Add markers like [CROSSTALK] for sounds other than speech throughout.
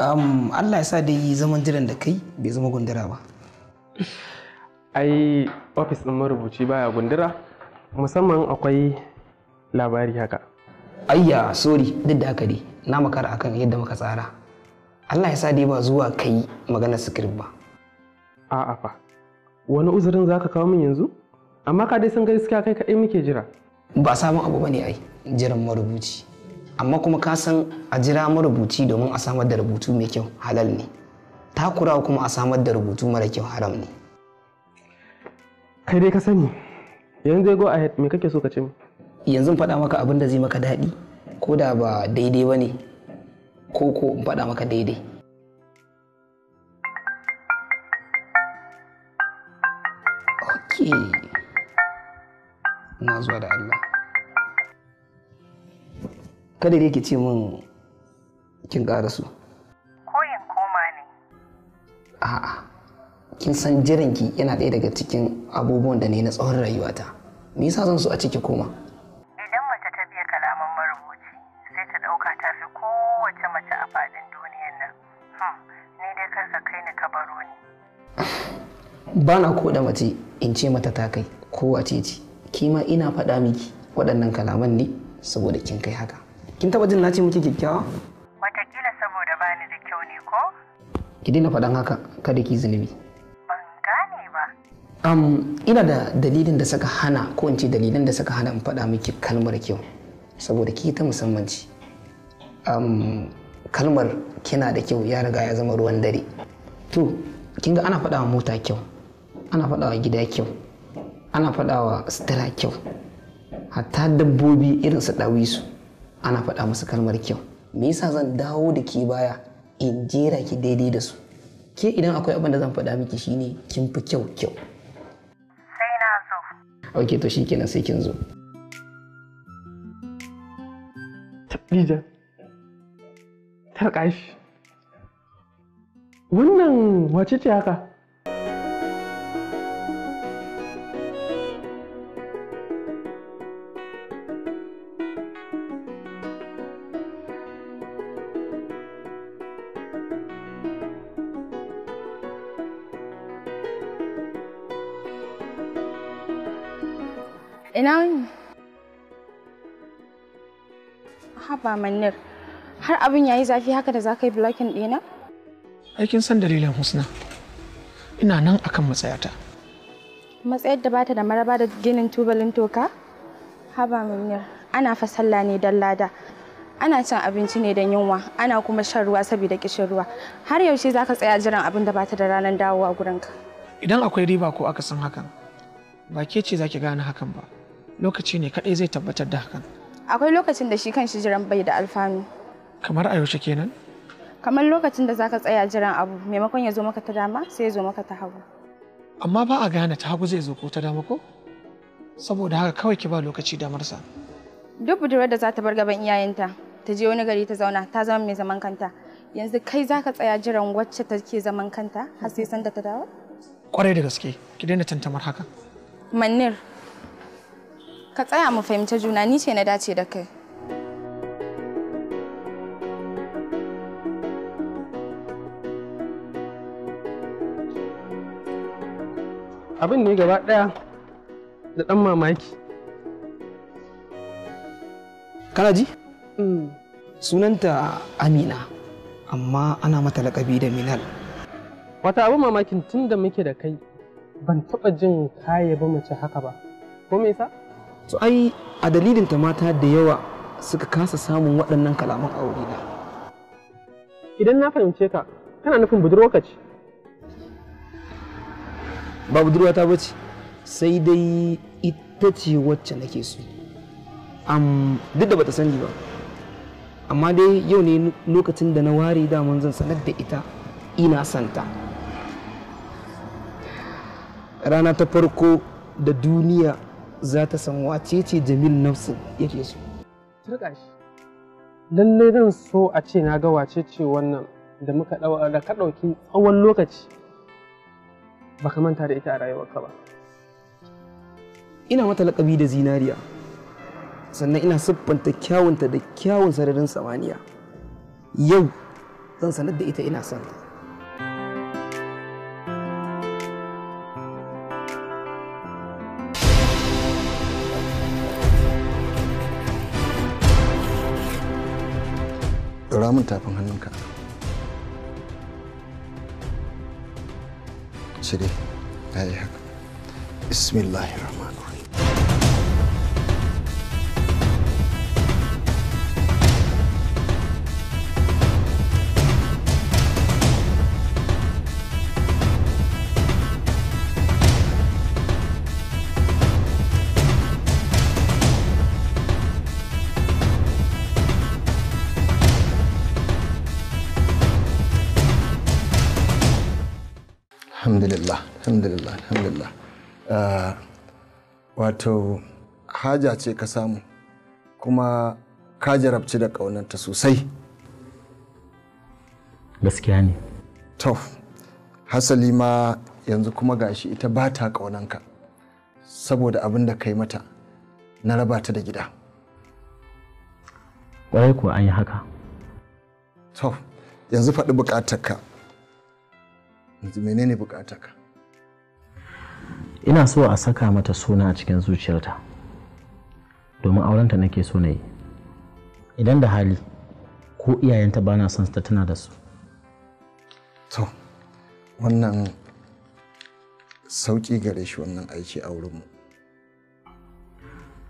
Allah ya sa dai zaman jiran da kai bai zama gundura ba. Ai ofis ɗin marubuci baya gundura musamman akwai labari haka. Ayya sorry duk da haka dai na makara akan yadda muka tsara. Allah ya sa dai ba zuwa kai magana script ba. A'a fa wani uzurin zaka kawo min yanzu? Amma ka dai san gaskiya kai kaɗai muke jira. Ba samun abu bane ai jiran marubuci. amma kuma ka san a jira marubuci domin a samar da rubutu mai kyau halal ne takura kuma a samar da rubutu mara kyau haram ne kai dai ka sani yanzu zai go ahead me kake so ka ce yanzu faɗa maka abin da zai maka daɗi ko da ba daidai ba ne ko ko in faɗa maka daidai ok na zuwa da Allah kada ne ki ce min kin ƙara su koyin koma ne a'a kin san ki yana ɗaya daga cikin abubuwan da ne na tsawon rayuwata me yasa zan so a ciki koma idan mace ta biya kalaman marubuci sai ta ɗauka ta fi kowace mace a faɗin duniyar nan hmm, ni dai karka kai ni ka baro ni [SIGHS] ba na ko da mace in ce mata ta kai ko wace ce kima ina faɗa miki waɗannan kalaman ne saboda kin kai haka kin taba jin na ce miki kyakkyawa watakila saboda bani da kyau ne ko ki daina faɗan haka kada ki zunubi ban gane ba am ina da dalilin da saka hana ko in ce dalilan da saka hana in faɗa miki kalmar kyau saboda ki ta musamman kalmar kina da kyau ya riga ya zama ruwan dare to kin ga ana faɗawa mota kyau ana faɗawa gida kyau ana faɗawa sutura kyau hatta dabbobi irin su ɗawisu ana faɗa musu kalmar kyau me yasa zan dawo da ke baya in jera ki daidai da su ke idan akwai abin da zan faɗa miki shine kin fi kyau kyau sai na zo ok to shikenan sai kin zo Tabbija tarƙashi wannan wace ce haka Ina wani? Haba Manir, har abin yayi zafi haka da za ka yi blokin ɗina? Aikin san dalilin Husna. Ina nan akan matsayata. Matsayar da bata da maraba da ginin tubalin toka? Haba Manir, ana fasalla ne don lada. Ana cin abinci ne don yunwa, ana kuma shan ruwa saboda kishin ruwa. Har yaushe za ka tsaya jiran abin da bata da ranar dawowa gurinka? Idan akwai riba ko akasin hakan, ba ke ce za ki gane hakan ba. lokaci ne kaɗai zai tabbatar da hakan akwai lokacin da shi kan shi jiran bai da alfanu kamar a yaushe kenan kamar lokacin da zaka tsaya jiran abu maimakon ya zo maka ta dama sai ya zo maka ta hagu amma ba a gane ta hagu zai zo ko ta dama ko saboda haka kawai ki ba lokaci damar sa. duk budurwar da za ta bar gaban iyayenta ta je wani gari ta zauna ta zama mai zaman kanta yanzu kai zaka tsaya jiran wacce take zaman kanta har sai san da ta dawo kwarai da gaske ki daina tantamar haka mannir ka tsaya mu fahimci juna ni ce na dace da kai abin ne gaba ɗaya da ɗan mamaki kana ji mm. sunanta amina amma ana mata laƙabi da minal wata abin mamakin tun da muke da kai ban taɓa jin kaya ba mace haka ba ko me yasa so ai a dalilin ta mata da yawa suka kasa samun waɗannan kalaman aure na idan na fahimce ka kana nufin budurwarka ce ba budurwata ba ce sai dai ita ce wacce nake so duk da bata sani ba amma dai yau ne lokacin da na ware daman zan sanar da ita ina santa rana ta farko da duniya za ta san wace ce jamil nafsin yake so turka lalle zan so a ce na ga wace ce wannan da muka ka ɗauki tsawon lokaci baka manta da ita a rayuwarka ba ina mata laƙabi da zinariya sannan ina siffanta kyawunta da kyawun sararin samaniya yau zan sanar da ita ina son kamun tafin hannunka cire ya yi haka bismillahirrahmanirrahim alhamdulillah alhamdulillah alhamdulillah ah, wato haja ce ka samu kuma ka jarabci da ƙaunanta sosai gaskiya ne to hasali ma yanzu kuma gashi ita ba ta ƙaunanka saboda abin da ka yi mata na raba ta da gida ƙwarai kuwa an yi haka to yanzu faɗi buƙatarka yanzu menene bukatarka ina so a saka mata suna a cikin zuciyarta domin aurenta nake so na yi idan da hali ko iyayenta ba na son ta tana da su to wannan sauƙi gare shi wannan aiki a wurinmu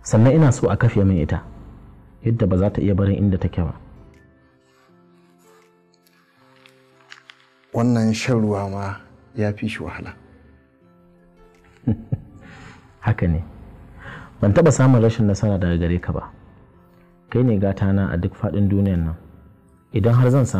sannan ina so a kafe min ita yadda ba za ta iya barin inda take ba wannan shan ruwa ma ya fi shi wahala [LAUGHS] haka ne ban taɓa samun rashin nasara daga gare ka ba kai ne gata na a duk faɗin duniyan nan idan har zan samu